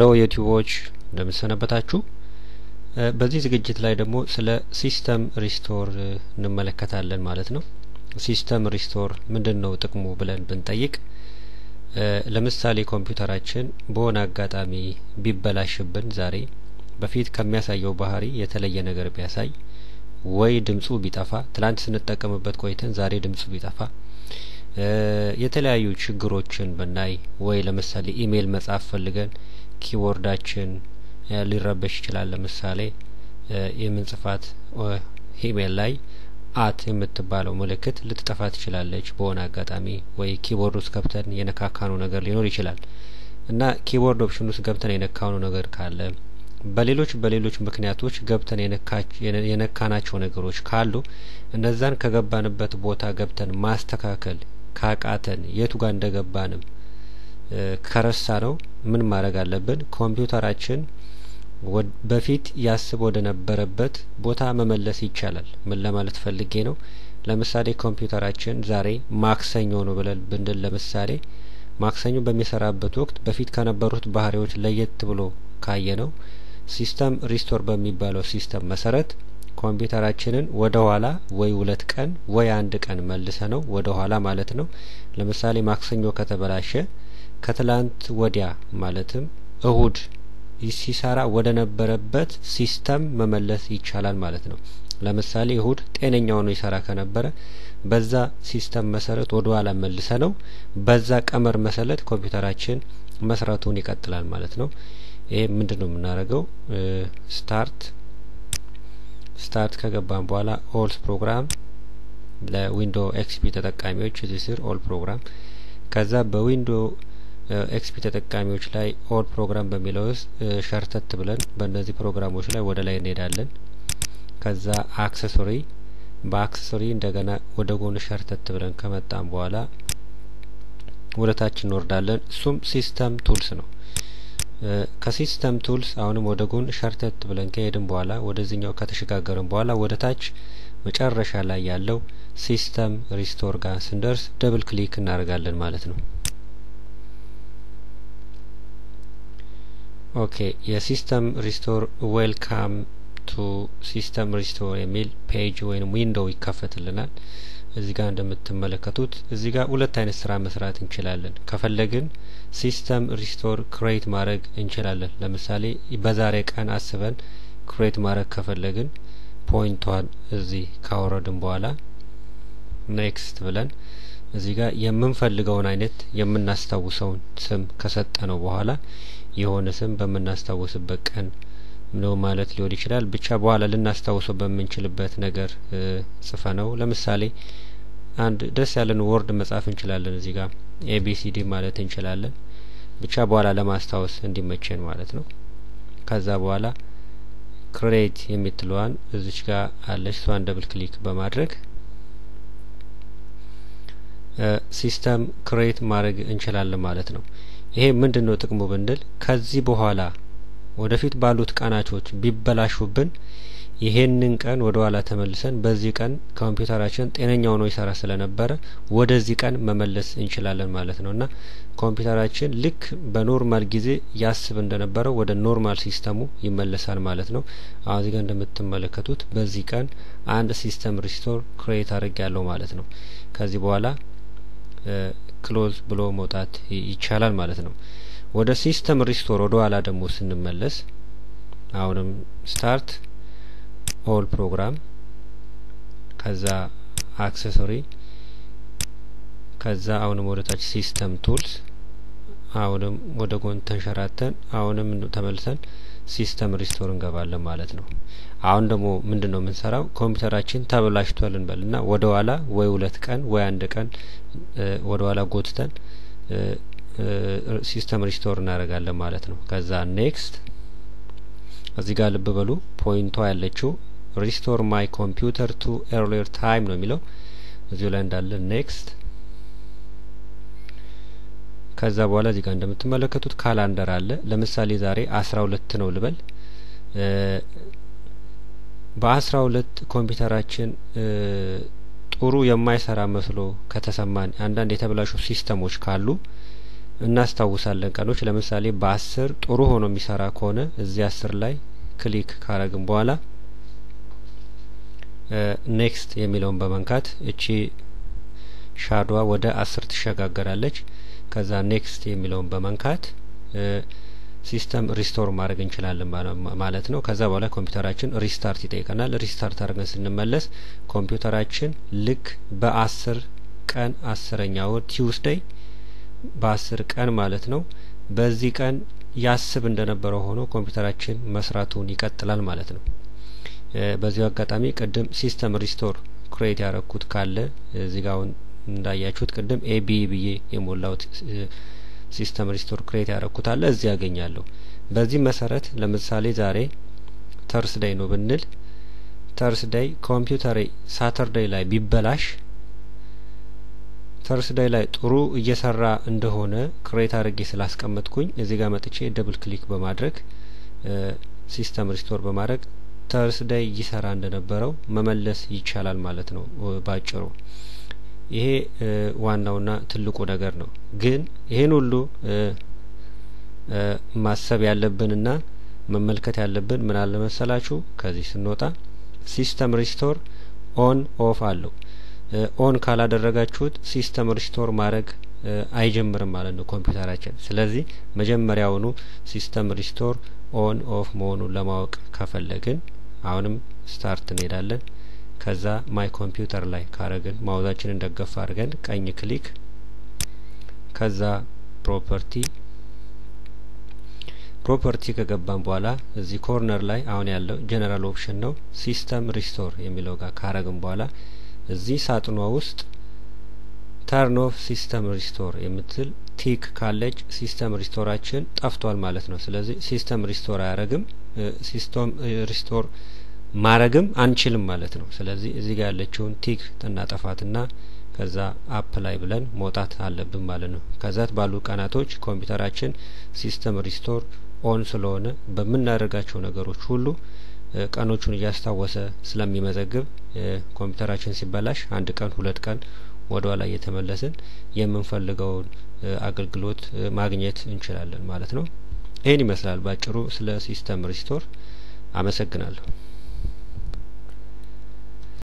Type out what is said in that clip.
ለው ዩቲዩቦች እንደምሰነበታችሁ በዚህ ዝግጅት ላይ ደግሞ ስለ ሲስተም ሪስቶር እንመለከታለን ማለት ነው። ሲስተም ሪስቶር ምንድን ነው ጥቅሙ ብለን ብንጠይቅ ለምሳሌ ኮምፒውተራችን በሆነ አጋጣሚ ቢበላሽብን ዛሬ በፊት ከሚያሳየው ባህሪ የተለየ ነገር ቢያሳይ ወይ ድምፁ ቢጠፋ ትላንት ስንጠቀምበት ቆይተን ዛሬ ድምፁ ቢጠፋ የተለያዩ ችግሮችን ብናይ ወይ ለምሳሌ ኢሜይል መጻፍ ፈልገን ኪቦርዳችን ሊረበሽ ይችላል ለምሳሌ የምንጽፋት ኢሜይል ላይ አት የምትባለው ምልክት ልትጠፋ ትችላለች በሆነ አጋጣሚ ወይ ኪቦርድ ውስጥ ገብተን የነካካነው ነገር ሊኖር ይችላል እና ኪቦርድ ኦፕሽን ውስጥ ገብተን የነካነው ነገር ካለ በሌሎች በሌሎች ምክንያቶች ገብተን የነካናቸው ነገሮች ካሉ እነዛን ከገባንበት ቦታ ገብተን ማስተካከል ካቃተን የቱ ጋር እንደገባንም ከረሳ ነው ምን ማድረግ አለብን ኮምፒውተራችን በፊት ያስብ ወደ ነበረበት ቦታ መመለስ ይቻላል ምን ለማለት ፈልጌ ነው ለምሳሌ ኮምፒውተራችን ዛሬ ማክሰኞ ነው ብለን ብንል ለምሳሌ ማክሰኞ በሚሰራበት ወቅት በፊት ከነበሩት ባህሪዎች ለየት ብሎ ካየ ነው ሲስተም ሪስቶር በሚባለው ሲስተም መሰረት ኮምፒውተራችንን ወደ ኋላ ወይ ሁለት ቀን ወይ አንድ ቀን መልሰ ነው ወደ ኋላ ማለት ነው ለምሳሌ ማክሰኞ ከተበላሸ ከትላንት ወዲያ ማለትም እሁድ ሲሰራ ወደ ነበረበት ሲስተም መመለስ ይቻላል ማለት ነው። ለምሳሌ እሁድ ጤነኛ ሆኖ ይሰራ ከነበረ በዛ ሲስተም መሰረት ወደ ኋላ መልሰ ነው በዛ ቀመር መሰረት ኮምፒውተራችን መስራቱን ይቀጥላል ማለት ነው። ይሄ ምንድን ነው የምናደርገው? ስታርት ስታርት ከገባን በኋላ ኦልስ ፕሮግራም ለዊንዶ ኤክስፒ ተጠቃሚዎች እዚህ ስር ኦል ፕሮግራም ከዛ በዊንዶ ኤክስፒ ተጠቃሚዎች ላይ ኦል ፕሮግራም በሚለው ውስጥ ሸርተት ብለን በእነዚህ ፕሮግራሞች ላይ ወደ ላይ እንሄዳለን። ከዛ አክሰሶሪ በአክሰሶሪ እንደገና ወደ ጎን ሸርተት ብለን ከመጣም በኋላ ወደ ታች እንወርዳለን። እሱም ሲስተም ቱልስ ነው። ከሲስተም ቱልስ አሁንም ወደ ጎን ሸርተት ብለን ከሄድን በኋላ ወደዚህኛው ከተሸጋገርን በኋላ ወደ ታች መጨረሻ ላይ ያለው ሲስተም ሪስቶር ጋር ስንደርስ ደብል ክሊክ እናደርጋለን ማለት ነው። ኦኬ የሲስተም ሪስቶር ዌልካም ቱ ሲስተም ሪስቶር የሚል ፔጅ ወይም ዊንዶው ይከፈትልናል። እዚህ ጋር እንደምትመለከቱት እዚህ ጋር ሁለት አይነት ስራ መስራት እንችላለን። ከፈለግን ሲስተም ሪስቶር ክሬት ማድረግ እንችላለን። ለምሳሌ በዛሬ ቀን አስበን ክሬት ማድረግ ከፈለግን ፖይንቷን እዚህ ካወረድን በኋላ ኔክስት ብለን እዚህ ጋር የምንፈልገውን አይነት የምናስታውሰውን ስም ከሰጠነው በኋላ የሆነ ስም በምናስታውስበት ቀን ነው ማለት ሊሆን ይችላል ብቻ በኋላ ልናስታውሰው በምንችልበት ነገር ጽፈ ነው ለምሳሌ አንድ ደስ ያለን ወርድ መጻፍ እንችላለን እዚህ ጋር ኤቢሲዲ ማለት እንችላለን ብቻ በኋላ ለማስታወስ እንዲመቸን ማለት ነው ከዛ በኋላ ክሬት የምትለዋን እዚች ጋር አለች እሷን ደብል ክሊክ በማድረግ ሲስተም ክሬት ማድረግ እንችላለን ማለት ነው ይሄ ምንድነው ጥቅሙ ብንል ከዚህ በኋላ ወደፊት ባሉት ቀናቾች ቢበላሹብን ይሄንን ቀን ወደ ኋላ ተመልሰን በዚህ ቀን ኮምፒውተራችን ጤነኛ ሆኖ ይሰራ ስለነበረ ወደዚህ ቀን መመለስ እንችላለን ማለት ነው እና ኮምፒውተራችን ልክ በኖርማል ጊዜ ያስብ እንደነበረው ወደ ኖርማል ሲስተሙ ይመለሳል ማለት ነው። አሁን እዚህ ጋ እንደምትመለከቱት በዚህ ቀን አንድ ሲስተም ሪስቶር ክሬት አድርግ ያለው ማለት ነው። ከዚህ በኋላ ክሎዝ ብሎ መውጣት ይቻላል ማለት ነው። ወደ ሲስተም ሪስቶር ወደ ኋላ ደግሞ ስንመለስ አሁንም ስታርት ኦል ፕሮግራም ከዛ አክሰሰሪ ከዛ አሁንም ወደ ታች ሲስተም ቱልስ አሁንም ወደ ጎን ተንሸራተን አሁንም ተመልሰን ሲስተም ሪስቶር እንገባለን ማለት ነው። አሁን ደግሞ ምንድን ነው የምንሰራው? ኮምፒውተራችን ተበላሽቷል እና ወደ ኋላ ወይ ሁለት ቀን ወይ አንድ ቀን ወደ ኋላ ጎትተን ሲስተም ሪስቶር እናደርጋለን ማለት ነው። ከዛ ኔክስት እዚህ ጋር ልብ በሉ ፖይንቷ ያለችው ሪስቶር ማይ ኮምፒውተር ቱ ኤርሊየር ታይም ነው የሚለው እዚሁ ላይ እንዳለ ኔክስት ከዛ በኋላ እዚህ ጋር እንደምትመለከቱት ካላንደር አለ። ለምሳሌ ዛሬ አስራ ሁለት ነው ልበል። በአስራ ሁለት ኮምፒውተራችን ጥሩ የማይሰራ መስሎ ከተሰማን አንዳንድ የተበላሹ ሲስተሞች ካሉ እናስታውሳለን ቀኖች። ለምሳሌ በአስር ጥሩ ሆኖ የሚሰራ ከሆነ እዚህ አስር ላይ ክሊክ ካረግን በኋላ ኔክስት የሚለውን በመንካት እቺ ሻዷ ወደ አስር ትሸጋገራለች። ከዛ ኔክስት የሚለውን በመንካት ሲስተም ሪስቶር ማድረግ እንችላለን ማለት ነው። ከዛ በኋላ ኮምፒውተራችን ሪስታርት ይጠይቀናል። ሪስታርት አድርገን ስንመለስ ኮምፒውተራችን ልክ በአስር ቀን አስረኛ ወር ቲውስደይ በአስር ቀን ማለት ነው በዚህ ቀን ያስብ እንደነበረው ሆኖ ኮምፒውተራችን መስራቱን ይቀጥላል ማለት ነው። በዚሁ አጋጣሚ ቅድም ሲስተም ሪስቶር ክሬት ያረኩት ካለ እዚጋውን እንዳያችሁት ቅድም ኤቢ ብዬ የሞላውት ሲስተም ሪስቶር ክሬት ያረኩታለ እዚህ ያገኛለሁ። በዚህ መሰረት ለምሳሌ ዛሬ ተርስዳይ ነው ብንል ተርስዳይ ኮምፒውተሬ ሳተርደይ ላይ ቢበላሽ ተርስዳይ ላይ ጥሩ እየሰራ እንደሆነ ክሬት አድርጌ ስላስቀመጥኩኝ እዚህ ጋር መጥቼ ደብል ክሊክ በማድረግ ሲስተም ሪስቶር በማድረግ ተርስዳይ እየሰራ እንደነበረው መመለስ ይቻላል ማለት ነው ባጭሩ። ይሄ ዋናውና ትልቁ ነገር ነው። ግን ይሄን ሁሉ ማሰብ ያለብንና መመልከት ያለብን ምን አለ መሰላችሁ፣ ከዚህ ስንወጣ ሲስተም ሪስቶር ኦን ኦፍ አለው። ኦን ካላደረጋችሁት ሲስተም ሪስቶር ማድረግ አይጀምርም ማለት ነው ኮምፒውተራችን። ስለዚህ መጀመሪያውኑ ሲስተም ሪስቶር ኦን ኦፍ መሆኑን ለማወቅ ከፈለግን አሁንም ስታርት እንሄዳለን። ከዛ ማይ ኮምፒውተር ላይ ካረግን ማውዛችንን ደገፍ አድርገን ቀኝ ክሊክ ከዛ ፕሮፐርቲ ፕሮፐርቲ ከገባን በኋላ እዚህ ኮርነር ላይ አሁን ያለው ጀነራል ኦፕሽን ነው። ሲስተም ሪስቶር የሚለው ጋር ካረግን በኋላ እዚህ ሳጥኗ ውስጥ ተርን ኦፍ ሲስተም ሪስቶር የምትል ቲክ ካለች ሲስተም ሪስቶራችን ጠፍቷል ማለት ነው። ስለዚህ ሲስተም ሪስቶር አያረግም። ሲስተም ሪስቶር ማረግም አንችልም ማለት ነው። ስለዚህ እዚህ ጋር ያለችውን ቲክ እናጠፋትና ከዛ አፕ ላይ ብለን መውጣት አለብን ማለት ነው። ከዛት ባሉ ቀናቶች ኮምፒውተራችን ሲስተም ሪስቶር ኦን ስለሆነ በምናደርጋቸው ነገሮች ሁሉ ቀኖቹን እያስታወሰ ስለሚመዘግብ ኮምፒውተራችን ሲበላሽ አንድ ቀን ሁለት ቀን ወደ ኋላ እየተመለስን የምንፈልገውን አገልግሎት ማግኘት እንችላለን ማለት ነው። ይህን ይመስላል ባጭሩ ስለ ሲስተም ሪስቶር። አመሰግናለሁ።